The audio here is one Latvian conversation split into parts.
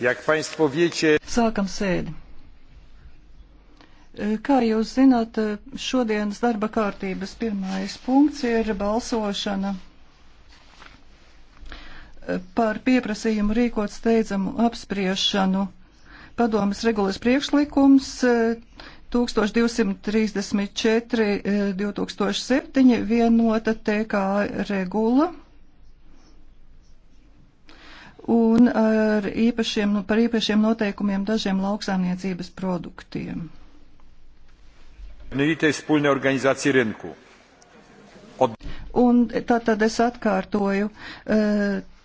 Jak państwo wiecie... Sākam sēdi. E, kā jūs zināt, e, šodienas darba kārtības pirmais punkts ir balsošana e, par pieprasījumu rīkot steidzamu apspriešanu. Padomas regulas priekšlikums 1234 2007 vienota TK regula un ar īpašiem, nu, par īpašiem noteikumiem dažiem lauksāniecības produktiem. Un tātad es atkārtoju, e,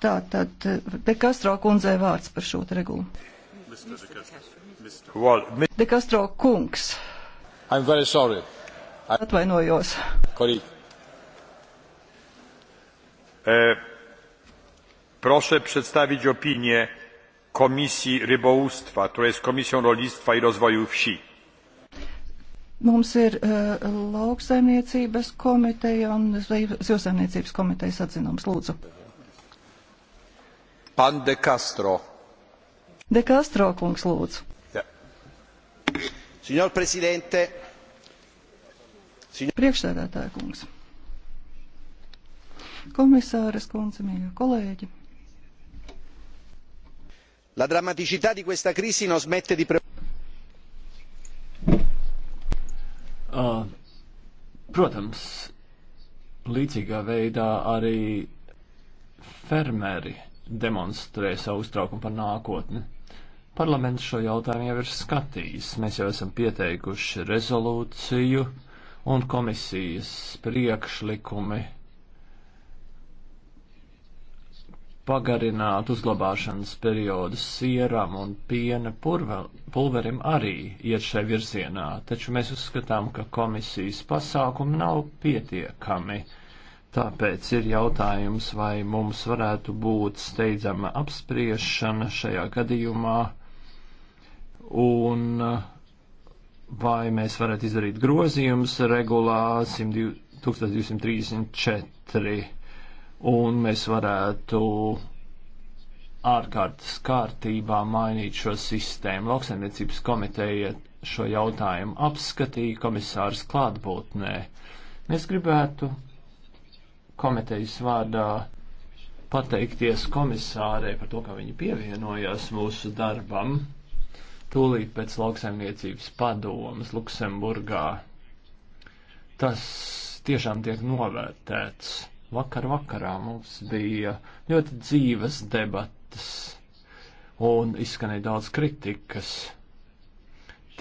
tātad De Castro kundzei vārds par šo regulu. De Castro kungs. I'm very sorry. I... Atvainojos. Kolīgi. Uh, eh, Proszę przedstawić opinię Komisji Rybołówstwa, która jest Komisją Rolnictwa i Rozwoju Wsi. Mums ir uh, lauksaimniecības komiteja un zivsaimniecības komitejas atzinums. Lūdzu. Pan De Castro. De Castro kungs, lūdzu. Ja. Signor Presidente. Signor... Priekšsēdētāja kungs. Komisāres kundze, mīļie kolēģi la drammaticità di questa crisi non smette di. Ah, protams līdzīgā veidā arī fermeri demonstrē savu uztraukumu par nākotni. Parlaments šo jautājumu jau ir skatījis. Mēs jau esam pieteikuši rezolūciju un komisijas priekšlikumi pagarināt uzglabāšanas periodus sieram un piena pulverim arī iet šai virzienā, taču mēs uzskatām, ka komisijas pasākumi nav pietiekami. Tāpēc ir jautājums, vai mums varētu būt steidzama apspriešana šajā gadījumā, un vai mēs varētu izdarīt grozījumus regulā 1234 un mēs varētu ārkārtas kārtībā mainīt šo sistēmu. Lauksaimniecības komiteja šo jautājumu apskatīja komisārs klātbūtnē. Mēs gribētu komitejas vārdā pateikties komisārei par to, ka viņi pievienojās mūsu darbam tūlīt pēc lauksaimniecības padomas Luksemburgā. Tas tiešām tiek novērtēts Vakar vakarā mums bija ļoti dzīves debatas un izskanēja daudz kritikas.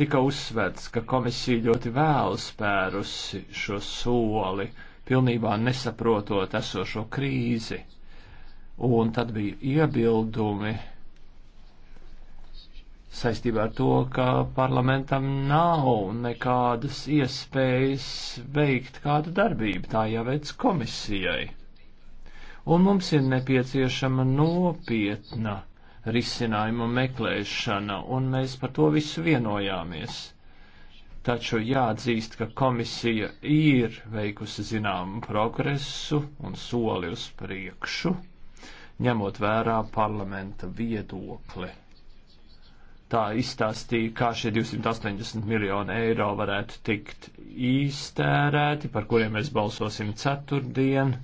Tika uzsvērts, ka komisija ļoti vēlu spērusi šo soli, pilnībā nesaprotot esošo krīzi, un tad bija iebildumi saistībā ar to, ka parlamentam nav nekādas iespējas veikt kādu darbību, tā jāveic komisijai. Un mums ir nepieciešama nopietna risinājuma meklēšana, un mēs par to visu vienojāmies. Taču jāatzīst, ka komisija ir veikusi zināmu progresu un soli uz priekšu, ņemot vērā parlamenta viedokli tā izstāstīja, kā šie 280 miljoni eiro varētu tikt īstērēti, par kuriem mēs balsosim ceturtdien.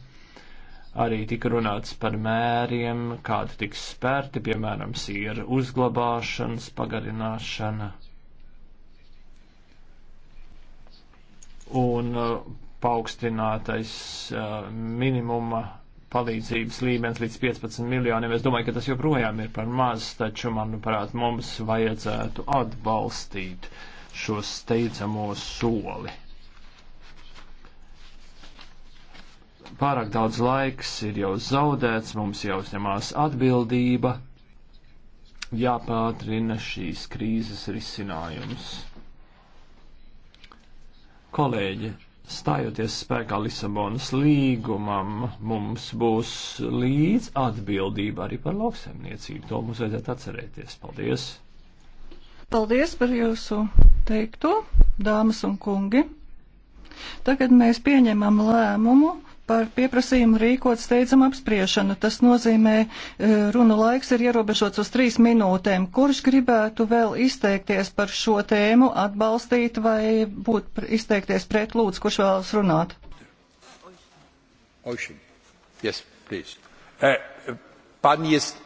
Arī tika runāts par mēriem, kādi tiks spērti, piemēram, siera uzglabāšanas, pagarināšana. Un uh, paaugstinātais uh, minimuma palīdzības līmenis līdz 15 miljoniem. Es domāju, ka tas joprojām ir par maz, taču, manuprāt, mums vajadzētu atbalstīt šo steidzamo soli. Pārāk daudz laiks ir jau zaudēts, mums jau uzņemās atbildība, jāpātrina šīs krīzes risinājums. Kolēģi, Stājoties spēkā Lisabonas līgumam, mums būs līdz atbildība arī par lauksaimniecību. To mums vajadzētu atcerēties. Paldies! Paldies par jūsu teikto, dāmas un kungi! Tagad mēs pieņemam lēmumu par pieprasījumu rīkot steidzamu apspriešanu. Tas nozīmē, eh, runu laiks ir ierobežots uz trīs minūtēm. Kurš gribētu vēl izteikties par šo tēmu, atbalstīt vai būt izteikties pret lūdzu, kurš vēlas runāt? Ošin. Yes, please. E, pan jest,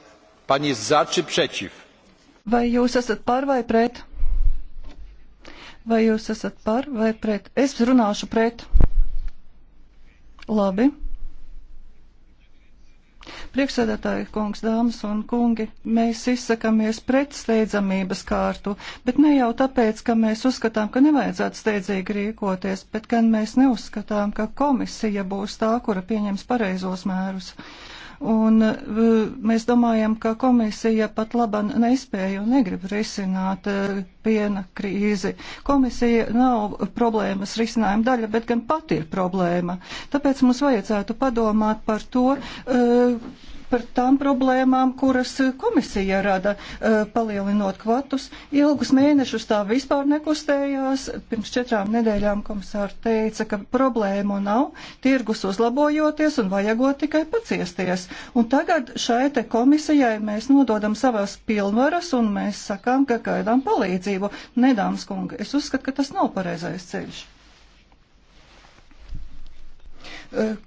pan jest za czy przeciw? Vai jūs esat par vai pret? Vai jūs esat par vai pret? Es runāšu pret. Labi. Priekšsēdētāji, kungs, dāmas un kungi, mēs izsakamies pret steidzamības kārtu, bet ne jau tāpēc, ka mēs uzskatām, ka nevajadzētu steidzīgi rīkoties, bet gan mēs neuzskatām, ka komisija būs tā, kura pieņems pareizos mērus. Uh, Un mēs domājam, ka komisija pat laba nespēja un negrib risināt e, piena krīzi. Komisija nav problēmas risinājuma daļa, bet gan pati ir problēma. Tāpēc mums vajadzētu padomāt par to, e, par tām problēmām, kuras komisija rada, eh, palielinot kvatus. Ilgus mēnešus tā vispār nekustējās. Pirms četrām nedēļām komisāra teica, ka problēmu nav, tirgus uzlabojoties un vajagot tikai paciesties. Un tagad šai te komisijai mēs nododam savas pilnvaras un mēs sakām, ka gaidām palīdzību. Nedāms kunga, es uzskatu, ka tas nav pareizais ceļš.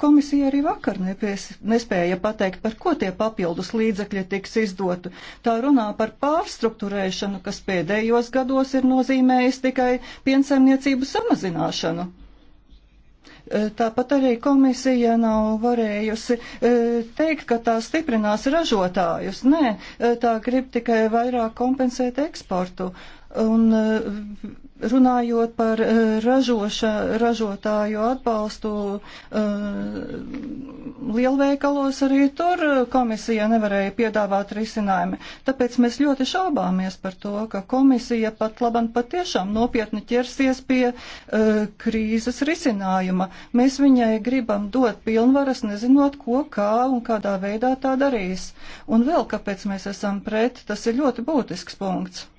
Komisija arī vakar nepies, nespēja pateikt, par ko tie papildus līdzekļi tiks izdotu. Tā runā par pārstruktūrēšanu, kas pēdējos gados ir nozīmējis tikai piensaimniecību samazināšanu. Tāpat arī komisija nav varējusi teikt, ka tā stiprinās ražotājus. Nē, tā grib tikai vairāk kompensēt eksportu. Un Runājot par eh, ražoša, ražotāju atbalstu eh, lielveikalos, arī tur komisija nevarēja piedāvāt risinājumi. Tāpēc mēs ļoti šaubāmies par to, ka komisija pat laban patiešām nopietni ķersies pie eh, krīzes risinājuma. Mēs viņai gribam dot pilnvaras, nezinot, ko, kā un kādā veidā tā darīs. Un vēl kāpēc mēs esam pret, tas ir ļoti būtisks punkts.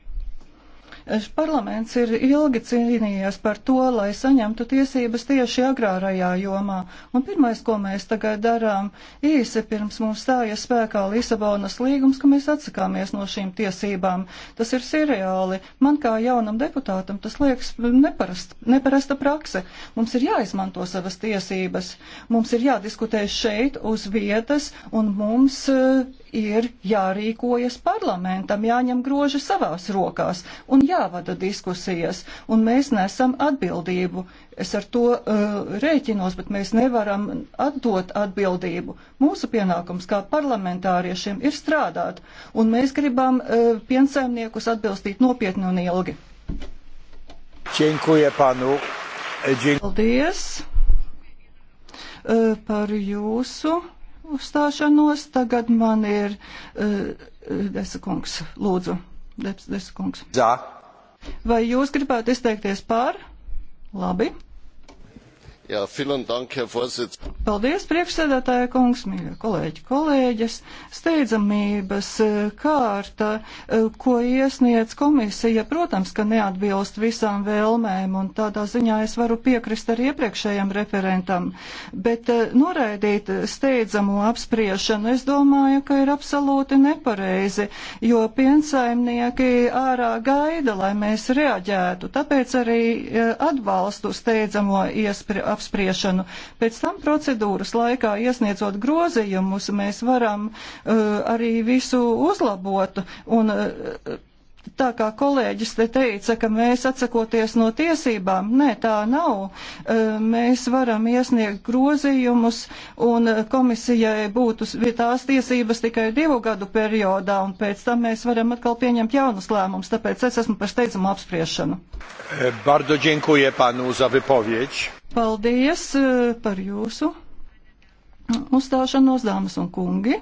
Parlaments ir ilgi cīnījies par to, lai saņemtu tiesības tieši agrārajā jomā, un pirmais, ko mēs tagad darām, īsi pirms mums stājas spēkā Lisabonas līgums, ka mēs atsakāmies no šīm tiesībām. Tas ir sirreāli. Man kā jaunam deputātam tas liekas neparast, neparasta prakse. Mums ir jāizmanto savas tiesības, mums ir jādiskutē šeit uz vietas, un mums uh, ir jārīkojas parlamentam, jāņem groži savās rokās. Un jāvada diskusijas, un mēs nesam atbildību. Es ar to uh, rēķinos, bet mēs nevaram atdot atbildību. Mūsu pienākums kā parlamentāriešiem ir strādāt, un mēs gribam uh, piensaimniekus atbilstīt nopietni un ilgi. Činkuje panu. Činkuje. Paldies uh, par jūsu uzstāšanos. Tagad man ir uh, Desa kungs, lūdzu. Desa kungs. Zā. Vai jūs gribētu izteikties pār? Labi. Jā, vielen dank, Herr Vorsitz. Paldies, priekšsēdētāja kungs, mīļie kolēģi, kolēģis. Steidzamības eh, kārta, eh, ko iesniedz komisija, protams, ka neatbilst visām vēlmēm, un tādā ziņā es varu piekrist ar iepriekšējiem referentam. Bet eh, noraidīt steidzamo apspriešanu, es domāju, ka ir absolūti nepareizi, jo piensaimnieki ārā gaida, lai mēs reaģētu. Tāpēc arī atbalstu steidzamo apspriešanu apspriešanu. Pēc tam procedūras laikā iesniedzot grozījumus, mēs varam uh, arī visu uzlabot. Un, uh, Tā kā kolēģis te teica, ka mēs atsakoties no tiesībām, nē, tā nav. Uh, mēs varam iesniegt grozījumus, un uh, komisijai būtu tās tiesības tikai divu gadu periodā, un pēc tam mēs varam atkal pieņemt jaunus lēmumus. Tāpēc es esmu par steidzamu apspriešanu. Bardzo dziękuję panu za wypowiedź. Paldies eh, par jūsu uzstāšanos, dāmas un kungi.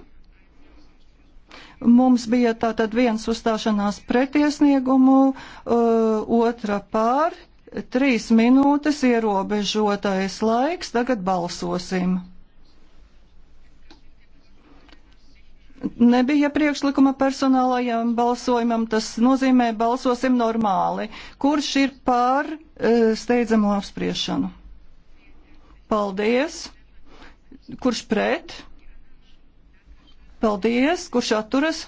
Mums bija tātad viens uzstāšanās pretiesniegumu, eh, otra pār, trīs minūtes ierobežotais laiks, tagad balsosim. Nebija priekšlikuma personālajam balsojumam, tas nozīmē balsosim normāli. Kurš ir pār eh, steidzamo apspriešanu? Paldies. Kurš pret? Paldies. Kurš atturas?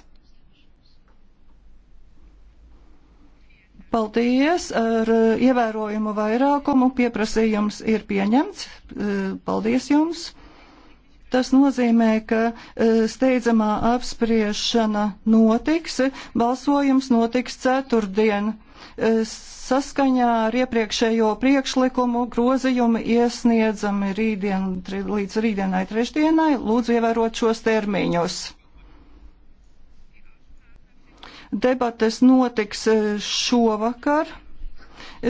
Paldies! Ar uh, ievērojumu vairākumu pieprasījums ir pieņemts. Uh, paldies jums! Tas nozīmē, ka uh, steidzamā apspriešana notiks, balsojums notiks ceturtdien. E, saskaņā ar iepriekšējo priekšlikumu grozījumu iesniedzami rītdien, līdz rītdienai trešdienai. Lūdzu ievērot šos termiņus. Debates notiks e, šovakar.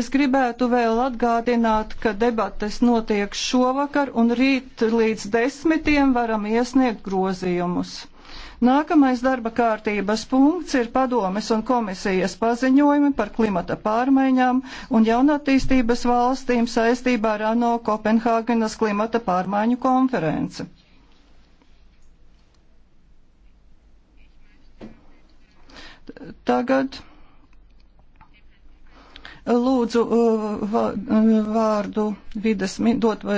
Es gribētu vēl atgādināt, ka debates notiek šovakar un rīt līdz desmitiem varam iesniegt grozījumus. Nākamais darba kārtības punkts ir padomes un komisijas paziņojumi par klimata pārmaiņām un jaunatīstības valstīm saistībā ar ANO Kopenhāgenas klimata pārmaiņu konferenci. Tagad lūdzu uh, uh, vārdu vides, dot